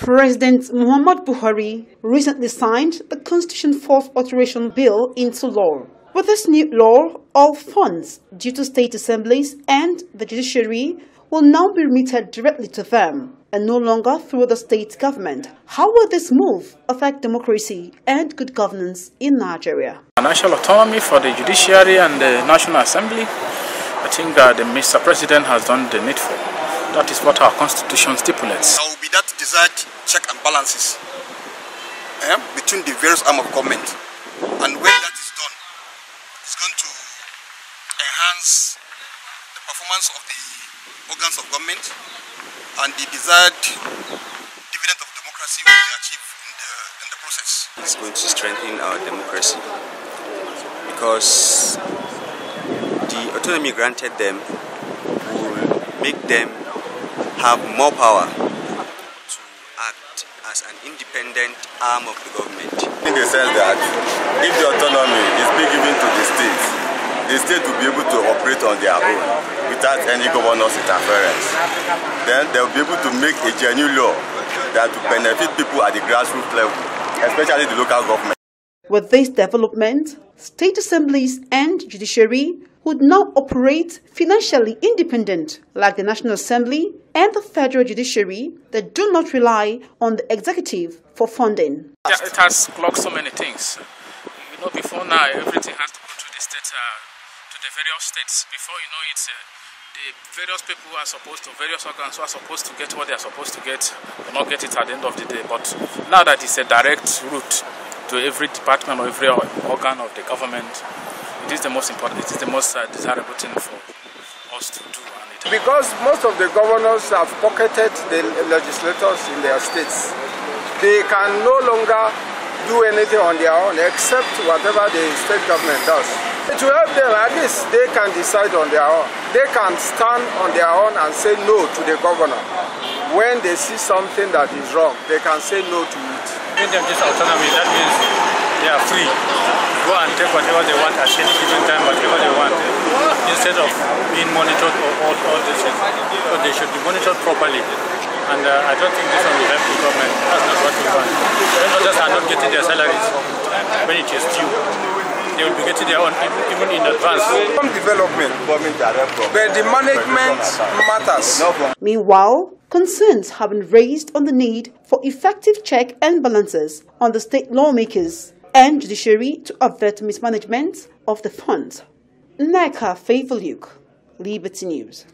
President Muhammad Buhari recently signed the Constitution Fourth Alteration Bill into law. With this new law, all funds due to state assemblies and the judiciary will now be remitted directly to them and no longer through the state government. How will this move affect democracy and good governance in Nigeria? Financial autonomy for the judiciary and the National Assembly. I think uh, the Mr. President has done the needful. That is what our constitution stipulates. There will be that desired check and balances eh, between the various arm of government. And when that is done, it's going to enhance the performance of the organs of government and the desired dividend of democracy will be achieved in the, in the process. It's going to strengthen our democracy because the autonomy granted them will make them have more power to act as an independent arm of the government. In the sense that if the autonomy is being given to the state, the state will be able to operate on their own without any governance interference. Then they will be able to make a genuine law that will benefit people at the grassroots level, especially the local government. With this development, state assemblies and judiciary would now operate financially independent, like the National Assembly and the federal judiciary that do not rely on the executive for funding. Yeah, it has blocked so many things. You know, before now, everything has to go to the state, uh, to the various states. Before you know, it's uh, the various people are supposed to, various organs are supposed to get what they are supposed to get, and not get it at the end of the day. But now that it's a direct route to every department or every organ of the government, it is the most important, it is the most uh, desirable thing for us to do. because most of the governors have pocketed the legislators in their states, they can no longer do anything on their own except whatever the state government does. To help them, at least they can decide on their own. They can stand on their own and say no to the governor. When they see something that is wrong, they can say no to it. Give them this autonomy, that means they are free. Go and take whatever they want at any given time, whatever they want, eh, instead of being monitored or all, all these things. So they should be monitored properly. And uh, I don't think this one will help the government. That's not what we want. When others are not getting their salaries when it is due, they will be getting their own even in advance. Some development, Where the management matters. Meanwhile, concerns have been raised on the need for effective check and balances on the state lawmakers and judiciary to avert mismanagement of the funds. Neka Faithful Luke, Liberty News.